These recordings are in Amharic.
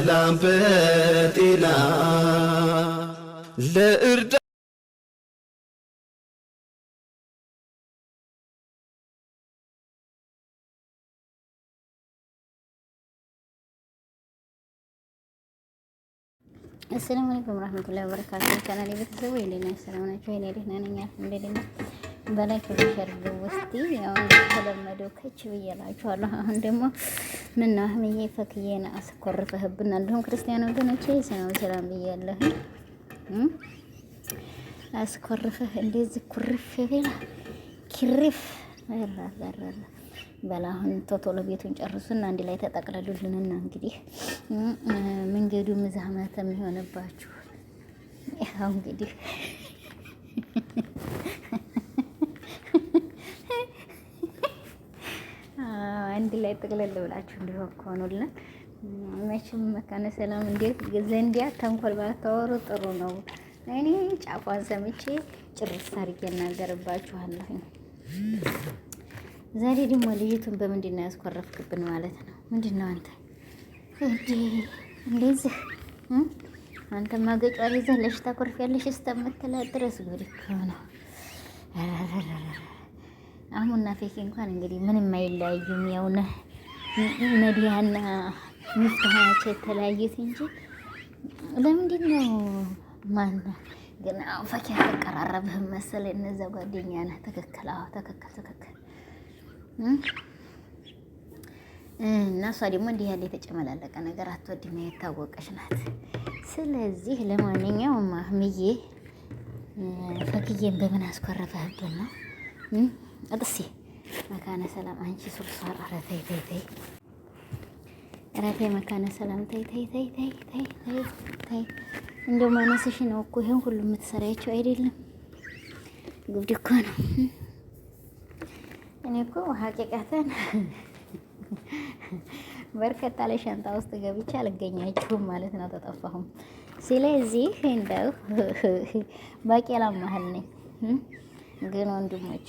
በሰላም በጤና ለእርዳ አሰላሙ አለይኩም ወራህመቱላሂ ወበረካቱ። ካናሌ ቤተሰቡ የሌላ ሰላም ናቸው። እኔ ደህና ነኝ። በላይ ከሚሸር ውስጥ ያው ተለመደው ከች ብዬላችኋለሁ። አሁን ደግሞ ምነው አህምዬ ፈክዬን አስኮርፈህብን። እንዲሁም ክርስቲያን ወገኖቼ ሰላም ሰላም ብያለሁ። አስኮርፈህ እንደዚህ ኩርፍ ብላ ኪሪፍ ራራራ በላ። አሁን ቶቶሎ ቤቱን ጨርሱና አንድ ላይ ተጠቅለሉልንና እንግዲህ መንገዱ ምዛመተ የሚሆንባችሁ ያው እንግዲህ አንድ ላይ ጥቅልል ብላችሁ እንዲሁ ከሆኑልን መቼም መካነ ሰላም እንዴት ዘንዲያ ተንኮል ባታወሩ ጥሩ ነው። እኔ ጫፏን ሰምቼ ጭርስ አድርጌ እናገርባችኋለሁ። ዛሬ ደግሞ ልጅቱን በምንድን ነው ያስኮረፍክብን ማለት ነው? ምንድን ነው አንተ እንደዚህ አንተ ማገጫ ይዘህ ለሽታ ኮርፍ ያለሽ እስከምትላት ድረስ ጎድክ ነው። አህሙና ፌኪ እንኳን እንግዲህ ምንም አይለያዩም። ያው ነዲያና ሚፍታህ ናቸው የተለያዩት እንጂ ለምንድን ነው ማነው ግን አሁን ፈኪ አልተቀራረብህም መሰለኝ። እነዛ ጓደኛ ነህ። ትክክል። አዎ ትክክል፣ ትክክል። እና እሷ ደግሞ እንዲህ ያለ የተጨመላለቀ ነገር አትወድም፣ የታወቀች ናት። ስለዚህ ለማንኛውም አህምዬ ፈክዬን በምን አስኮረፈህብን ነው? እጥሴ መካነ ሰላም አንቺ ሱርሷር ኧረ ተይ ተይ ተይ ኧረ ተይ መካነ ሰላም ተይ ተይ ተይ ተይ ተይ ተይ ተይ እንደው ማነስሽ ነው እኮ ይሄን ሁሉ የምትሰሪያቸው አይደለም። ጉብድ እኮ ነው። እኔ እኮ ሀቂቃተን በርከት አለ ሻንጣ ውስጥ ገብቼ አልገኛችሁም ማለት ነው። ተጠፋሁም። ስለዚህ እንደው ባቄላ መሀል ነኝ። ግን ወንድሞቼ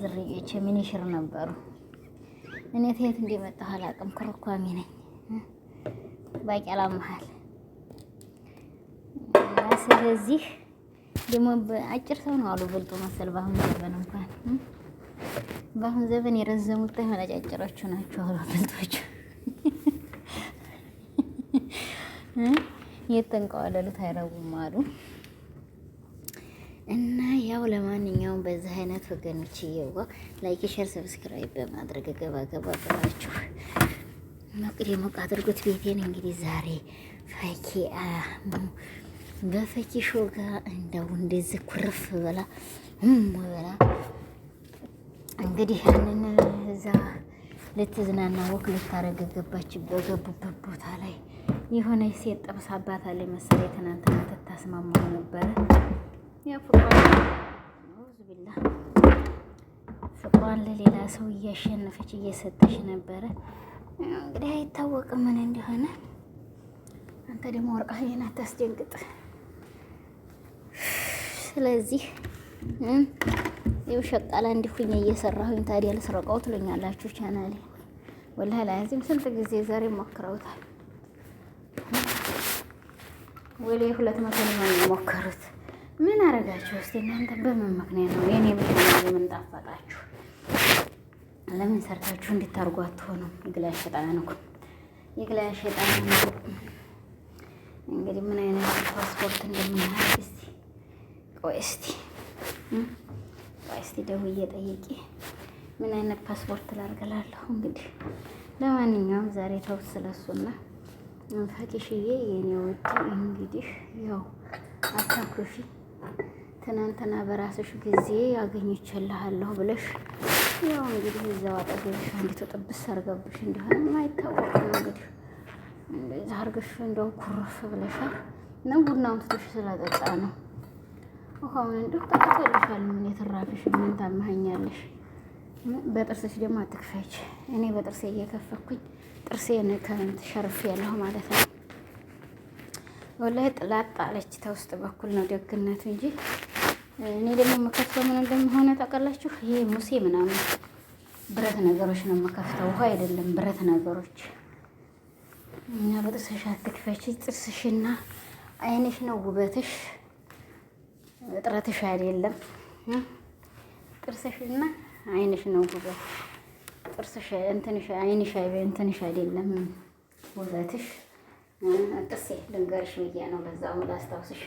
ዝርዬቼ ሚኒሽር ነበሩ። እኔ ተየት እንደመጣሁ አላውቅም። ክርኳሚ ነኝ። ባቄላ መሀል ስለዚህ ደግሞ አጭር ሰው ነው አሉ ብልጡ መሰል። በአሁን ዘበን እንኳን በአሁን ዘበን የረዘሙት የሆነ አጫጭሮቹ ናቸው አሉ ብልጦቹ። የት ተንቀዋለሉት አይረቡም አሉ እና ያው ለማንኛውም በዚህ አይነት ወገኖች እየዋ ላይክ፣ ሸር፣ ሰብስክራይብ በማድረግ ገባ ገባ ብላችሁ መቅድ ሞቅ አድርጉት ቤቴን። እንግዲህ ዛሬ ፈኪ በፈኪ ሾጋ እንደው እንደዚህ ኩርፍ በላ በላ እንግዲህ ያንን እዛ ልትዝናና ወክ ልታረግ ገባች። በገቡበት ቦታ ላይ የሆነ ሴት ጠብሳባታለች መሰለኝ። ትናንትና ትታስማማው ነበረ ያፍቁራዝብላ ፍቅሯን ለሌላ ሰው እያሸነፈች እየሰጠች ነበረ። እንግዲህ አይታወቅም ምን እንደሆነ። አንተ ደግሞ ወርቃዬን አታስደንግጥ። ስለዚህ ይኸው ሸቃላ እንዲሁኝ እየሰራሁኝ ታዲያ ልስረቀው ትሎኛላችሁ። ቻናሌ ወላሂ ላዚም ስንት ጊዜ ዛሬ ሞክረውታል። ሁለት መቶ ነው የሞከሩት። ምን አረጋችሁ እስቲ እናንተ? በምን ምክንያት ነው የኔ ምክንያት ምን ጣፈጣችሁ? ለምን ሰርታችሁ እንድታርጉ አትሆኑም? የግላይ ሸጣን እኮ የግላይ ሸጣን እንግዲህ ምን አይነት ፓስፖርት እንደምናደርግ እስቲ ቆይ እስቲ ቆይ እስቲ ደውዬ ጠይቄ ምን አይነት ፓስፖርት ላርገላለሁ። እንግዲህ ለማንኛውም ዛሬ ተውት ስለሱና ፈቂሽዬ የኔ ውድ እንግዲህ ያው አታኩርፊ ትናንትና በራስሽ ጊዜ ያገኘችልሃለሁ ብለሽ ያው እንግዲህ እዛው አጠገብሽ አንዲቱ ጥብስ አርገብሽ እንደሆነ ማይታወቅ ነው። እንግዲህ እንደዛ አርገሽ እንደው ኩርፍ ብለሻል ነው ቡናውን ትቶሽ ስለጠጣ ነው። ውሃውን እንደው ጠቅጠልሻል። ምን የተራፍሽ ምን ታማኸኛለሽ? በጥርስሽ ደግሞ አትክፈች። እኔ በጥርሴ እየከፈኩኝ ጥርሴን ከንት ሸርፍ ያለሁ ማለት ነው። ወላሂ ጥላጣ አለች። ተውስጥ በኩል ነው ደግነቱ እንጂ እኔ ደግሞ የምከፍተው ምን እንደሚሆነ ታውቃላችሁ? ይሄ ሙሴ ምናምን ብረት ነገሮች ነው የምከፍተው፣ ውሃ አይደለም፣ ብረት ነገሮች እና በጥርስሽ አትክፈች። ጥርስሽና አይንሽ ነው ውበትሽ፣ እጥረትሽ አይደለም። ጥርስሽና አይንሽ ነው ውበትሽ፣ ጥርስሽ እንትንሽ አይንሽ እንትንሽ አይደለም ውበትሽ ጥሴ ልንገርሽ ብዬ ነው። በዛ በዛው ላስታውስሽ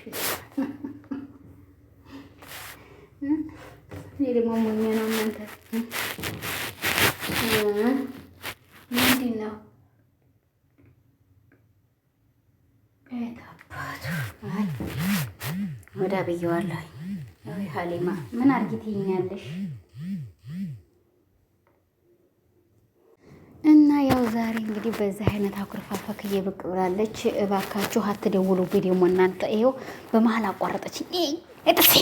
ደግሞ ሞኝ ነው እናንተ ምንድን ነው ታባቱ ወዳ ብየዋለሁ። ሀሊማ ምን አርጊትኛለሽ? እንግዲህ በዚህ አይነት አኩርፋ ፈክዬ ብቅ ብላለች። እባካችሁ አትደውሉብኝ ደግሞ እናንተ። ይኸው በመሀል አቋረጠች። ጥሴ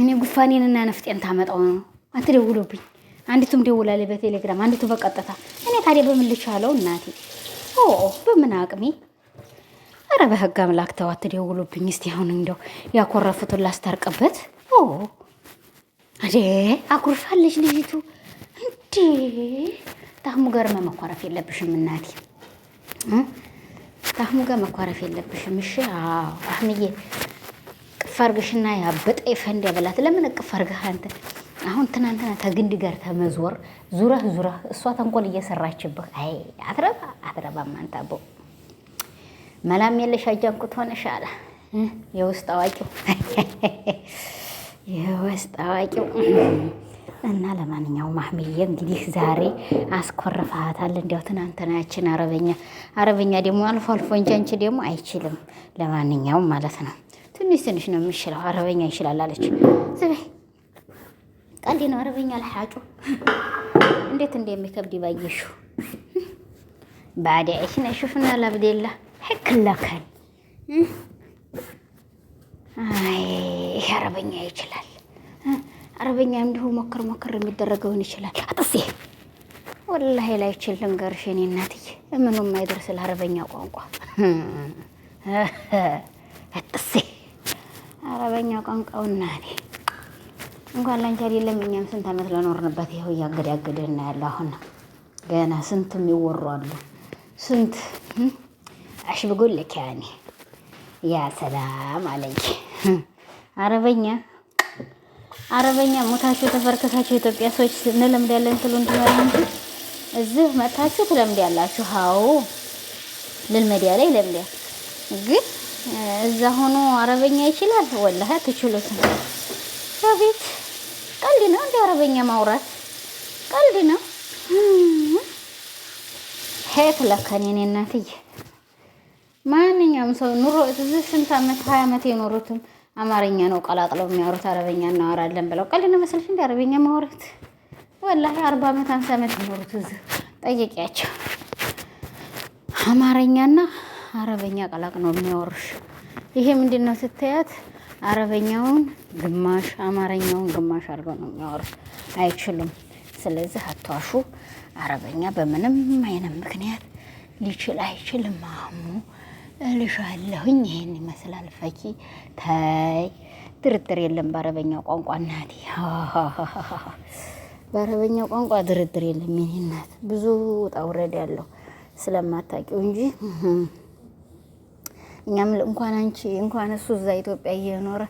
እኔ ጉፋኔንና ነፍጤን ታመጣው ነው። አትደውሉብኝ። አንዲቱም ደውላለች በቴሌግራም አንዲቱ በቀጥታ። እኔ ታዲያ በምን ልቻለው እናቴ? በምን አቅሜ ኧረ በህግ አምላክ ተው አትደውሉብኝ። እስቲ አሁን እንደው ያኮረፉትን ላስታርቅበት። አዴ አኩርፋለች ልጅቱ። ታህሙ ጋር መኳረፍ የለብሽም እናቴ፣ ታህሙ ጋር መኳረፍ የለብሽም እሺ። አህምዬ ቅፍ አድርገሽና ያበጠ ፈንድ ያበላት። ለምን ቅፍ አድርገህ አንተ አሁን ትናንትና ከግንድ ጋር ተመዞር ዙረህ ዙረህ እሷ ተንኮል እየሰራችብህ። አይ አትረባ አትረባ ማንታቦ መላም የለሽ አጃንቁት ሆነሻል። የውስጥ አዋቂው የውስጥ አዋቂው እና ለማንኛውም ማህሚዬ እንግዲህ ዛሬ አስኮርፋታል። እንዲያው ትናንትና ያችን አረበኛ አረበኛ ደግሞ አልፎ አልፎ እንጂ አንቺ ደግሞ አይችልም። ለማንኛውም ማለት ነው ትንሽ ትንሽ ነው የሚችለው አረበኛ ይችላል አለች። ዝቤ ቀልድ ነው አረበኛ ለሓጩ እንዴት እንደ የሚከብድ ባየሹ ባዲያ ዒሽና ሹፍና ለብዴላ ሕክላካል አይ አረበኛ ይችላል አረበኛ እንዲሁ ሞክር ሞክር የሚደረገውን ይችላል። አጥሴ ወላሂ ላይ ችል ልንገርሽ፣ እኔ እናትዬ ምኑም አይደርስል አረበኛ ቋንቋ አጥሴ አረበኛ ቋንቋውና እኔ እንኳን ላንቺ አይደለም እኛም ስንት ዓመት ለኖርንበት ይኸው እያገዳገድና ያለ አሁን ገና ስንት የሚወሩ አሉ። ስንት አሽብጎልክ ያኔ ያ ሰላም አለኝ አረበኛ አረበኛ ሞታችሁ ተፈርከታችሁ ኢትዮጵያ ሰዎች ያለን ትሉ እንደሆነ እንጂ እዚህ መታችሁ ትለምዳላችሁ። አዎ ልልመዲያ ላይ ለምዲያ ግን እዛ ሆኖ አረበኛ ይችላል ወላህ ትችሉት። ከቤት ቀልድ ነው እንደ አረበኛ ማውራት ቀልድ ነው። ሄት ለከኔ እኔ እናትዬ ማንኛውም ሰው ኑሮ እዚህ ስንት አመት ሀያ አመት የኖሩትም አማርኛ ነው ቀላቅለው የሚያወሩት፣ አረበኛ እናወራለን ብለው ቀልድ ነው መሰለሽ? እንደ አረበኛ ማውራት ወላሂ አርባ ዓመት ሃምሳ ዓመት የሚኖሩት እዚህ ጠየቂያቸው። አማርኛና አረበኛ ቀላቅ ነው የሚያወሩሽ ይሄ ምንድን ነው ስታያት አረበኛውን ግማሽ አማርኛውን ግማሽ አድርገው ነው የሚያወሩት። አይችሉም። ስለዚህ አትዋሹ። አረበኛ በምንም አይነት ምክንያት ሊችል አይችልም አህሙ እልሻለሁኝ። ይሄን ይመስላል ፈኪ። ተይ ድርድር የለም በአረበኛው ቋንቋ እናቴ፣ በአረበኛው ቋንቋ ድርድር የለም የኔ እናት። ብዙ ውጣ ውረድ ያለው ስለማታውቂው እንጂ እኛም እንኳን አንቺ እንኳን እሱ እዛ ኢትዮጵያ እየኖረ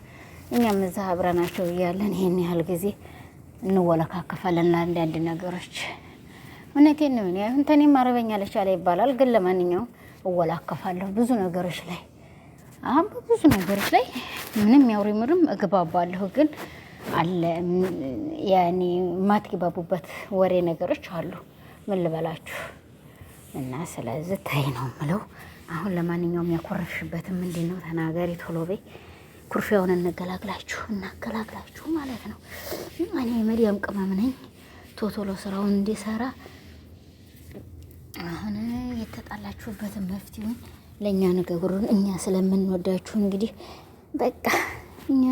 እኛም እዛ አብረናቸው እያለን ይሄን ያህል ጊዜ እንወለካከፋለን ለአንዳንድ ነገሮች። እውነቴን ነው። እኔ አሁን ተኔም አረበኛ ለቻለ ይባላል፣ ግን ለማንኛውም እወላከፋለሁ ብዙ ነገሮች ላይ አሁን በብዙ ነገሮች ላይ ምንም ያውሪ ምርም እግባባለሁ ግን አለ ያኔ የማትግባቡበት ወሬ ነገሮች አሉ። ምን ልበላችሁ እና ስለዚህ ተይ ነው ምለው። አሁን ለማንኛውም ያኮረፍሽበትም ምንድን ነው ተናገሪ ቶሎ በይ። ኩርፊያውን እንገላግላችሁ እናገላግላችሁ ማለት ነው። እኔ መዲያም ቅመም ነኝ ቶቶሎ ስራውን እንዲሰራ አሁን የተጣላችሁበትን መፍትሄውን ለእኛ ንገሩን። እኛ ስለምንወዳችሁ እንግዲህ በቃ እኛ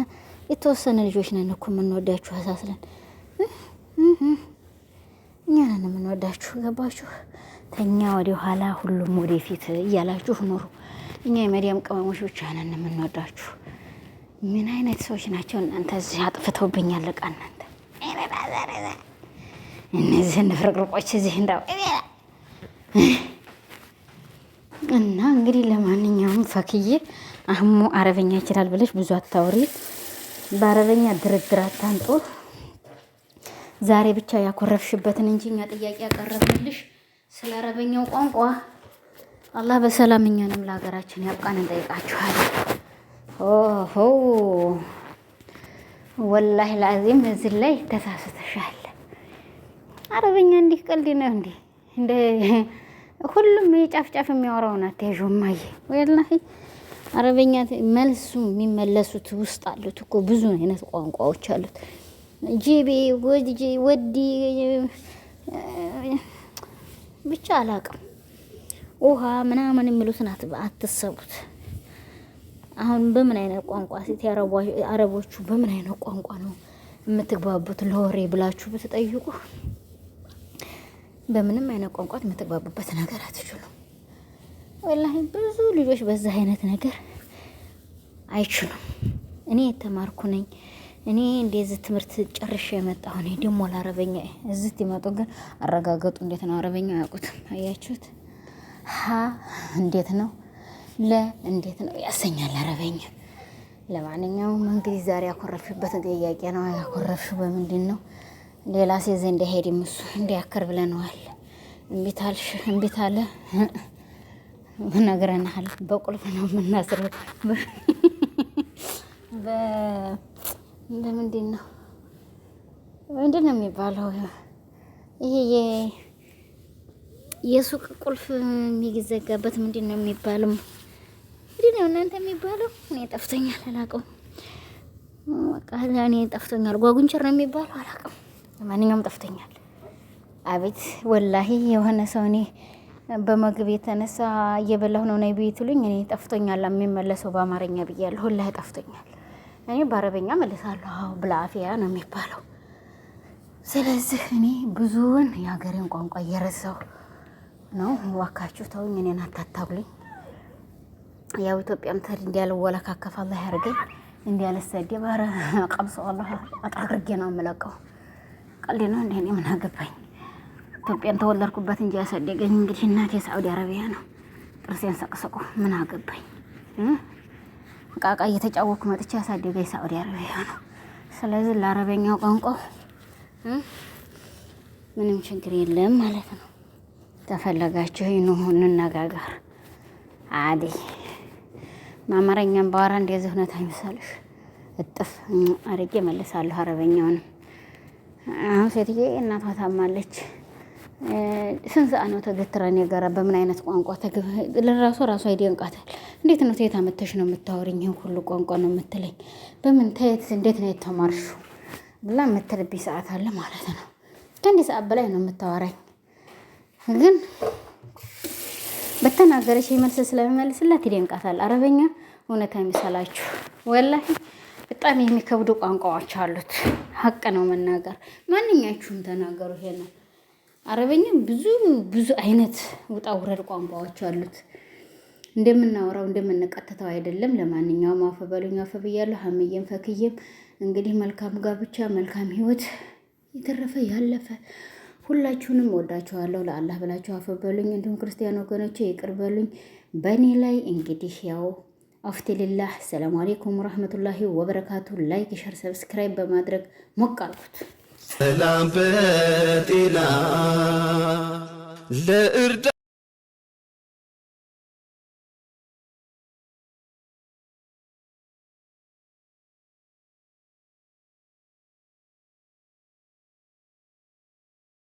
የተወሰነ ልጆች ነን እኮ የምንወዳችሁ አሳስለን እኛ ነን የምንወዳችሁ። ገባችሁ? ተኛ ወደ ኋላ ሁሉም ወደፊት እያላችሁ ኑሩ። እኛ የመዲያም ቅመሞች ብቻ ነን የምንወዳችሁ። ምን አይነት ሰዎች ናቸው እናንተ? እዚህ አጥፍተውብኛል። እናንተ እነዚህን ፍርቅርቆች እዚህ እንዳው እና እንግዲህ ለማንኛውም ፈክዬ አህሙ አረበኛ ይችላል ብለሽ ብዙ አታውሪ። በአረበኛ ድርድር አታንጦ። ዛሬ ብቻ ያኮረፍሽበትን እንጂ እኛ ጥያቄ ያቀረብንልሽ ስለ አረበኛው ቋንቋ። አላህ በሰላም እኛንም ለሀገራችን ያብቃን እንጠይቃችኋል። ኦሆ ወላሂ ለአዚም እዚህ ላይ ተሳስተሻል። አረበኛ እንዲህ ቀልድ ነው እንደ ሁሉም የጫፍጫፍ የሚያወራውን አትያዥ ማየ ወላሂ አረበኛ መልሱ የሚመለሱት ውስጥ አሉት እኮ ብዙ አይነት ቋንቋዎች አሉት። ጂቤ ወዲ ብቻ አላቅም ውሃ ምናምን የሚሉትን አትሰቡት። አሁን በምን አይነት ቋንቋ ሴት አረቦቹ በምን አይነት ቋንቋ ነው የምትግባቡት ለወሬ ብላችሁ ብትጠይቁ በምንም አይነት ቋንቋ የምትግባቡበት ነገር አትችሉም። ወላሂ ብዙ ልጆች በዛ አይነት ነገር አይችሉም። እኔ የተማርኩ ነኝ እኔ እንደዚህ ትምህርት ጨርሼ የመጣሁ እኔ ደሞ ለአረበኛ እዚህ ይመጡ፣ ግን አረጋገጡ እንዴት ነው አረበኛ አያውቁትም። አያችሁት? ሀ እንዴት ነው ለ እንዴት ነው ያሰኛል አረበኛ። ለማንኛውም እንግዲህ ዛሬ ያኮረፍሽበት ጥያቄ ነው። ያኮረፍሽው በምንድን ነው? ሌላ ሴዘ እንዳይሄድም እሱ እንዲያከር ብለነዋል። እምቢታልሽ እምቢታለ ነግረናል። በቁልፍ ነው የምናስረው። በምንድን ነው ምንድን ነው የሚባለው? ይሄ የሱቅ ቁልፍ የሚዘጋበት ምንድን ነው የሚባለው? ምንድን ነው እናንተ የሚባለው? እኔ ጠፍቶኛል አላውቀውም። በቃ እኔ ጠፍቶኛል። ጓጉንቸር ነው የሚባለው አላውቀውም። ለማንኛውም ጠፍቶኛል። አቤት ወላሂ የሆነ ሰው እኔ በምግብ የተነሳ እየበላሁ ነው ነይ ብዬ ትሉኝ፣ እኔ ጠፍቶኛል የሚመለሰው በአማርኛ ብያለሁ። ወላሂ ጠፍቶኛል። እኔ በአረበኛ መለሳለሁ። አዎ ብላአፊያ ነው የሚባለው። ስለዚህ እኔ ብዙውን የሀገሬን ቋንቋ እየረሳሁ ነው። ዋካችሁ ተውኝ፣ እኔን አታታብሉኝ። ያው ኢትዮጵያም ተድ እንዲያልወለካከፍ አላህ ያርገኝ፣ እንዲያልሰደብ ባረ ቀምሰው አላህ አጣርጌ ነው የምለቀው። ቀልድ ነው እንዴ? እኔ ምን አገባኝ? ኢትዮጵያን ተወለድኩበት እንጂ ያሳደገኝ እንግዲህ እናቴ ሳዑዲ አረቢያ ነው። ጥርሴን ሰቅሰቁ ምን አገባኝ? ቃቃ እየተጫወኩ መጥቼ ያሳደገኝ ሳዑዲ አረቢያ ነው። ስለዚህ ለአረበኛው ቋንቋ ምንም ችግር የለም ማለት ነው። ተፈለጋችሁ ይኑሁ እንነጋገር። አዲ አማርኛም ባወራ እንደዚህ እውነት አይመስልሽ? እጥፍ አድርጌ መልሳለሁ አረበኛውንም አሁን ሴትዬ እናቷ ታማለች። ስንት ሰዓት ነው ተገትረን የጋራ በምን አይነት ቋንቋ ራሱ ራሷ ይደንቃታል። እንዴት ነው ተየት አመተሽ ነው የምታወሪኝ? ይህን ሁሉ ቋንቋ ነው የምትለኝ? በምን ተየት እንዴት ነው የተማርሹ? ብላ የምትልብኝ ሰዓት አለ ማለት ነው። ከአንድ ሰዓት በላይ ነው የምታወራኝ። ግን በተናገረች መልስ ስለሚመልስላት ይደንቃታል። አረበኛ እውነት አይምሰላችሁ ወላሂ በጣም የሚከብዱ ቋንቋዎች አሉት። ሀቅ ነው መናገር። ማንኛችሁም ተናገሩ። ይሄ አረበኛም ብዙ ብዙ አይነት ውጣ ውረድ ቋንቋዎች አሉት። እንደምናወራው እንደምንቀጥተው አይደለም። ለማንኛውም አፈ በሉኝ፣ አፈ ብያለሁ። ሀምዬም ፈክዬም እንግዲህ መልካም ጋብቻ፣ መልካም ህይወት፣ የተረፈ ያለፈ። ሁላችሁንም ወዳችኋለሁ። ለአላህ ብላችሁ አፈ በሉኝ። እንዲሁም ክርስቲያን ወገኖቼ ይቅር በሉኝ። በእኔ ላይ እንግዲህ ያው አፍቲ ሊላህ ሰላም አሌይኩም ወረህመቱላሂ ወበረካቱ። ላይክ ሸር፣ ሰብስክራይብ በማድረግ ሞቅ አልኩት። ሰላም በጤና ለእርዳ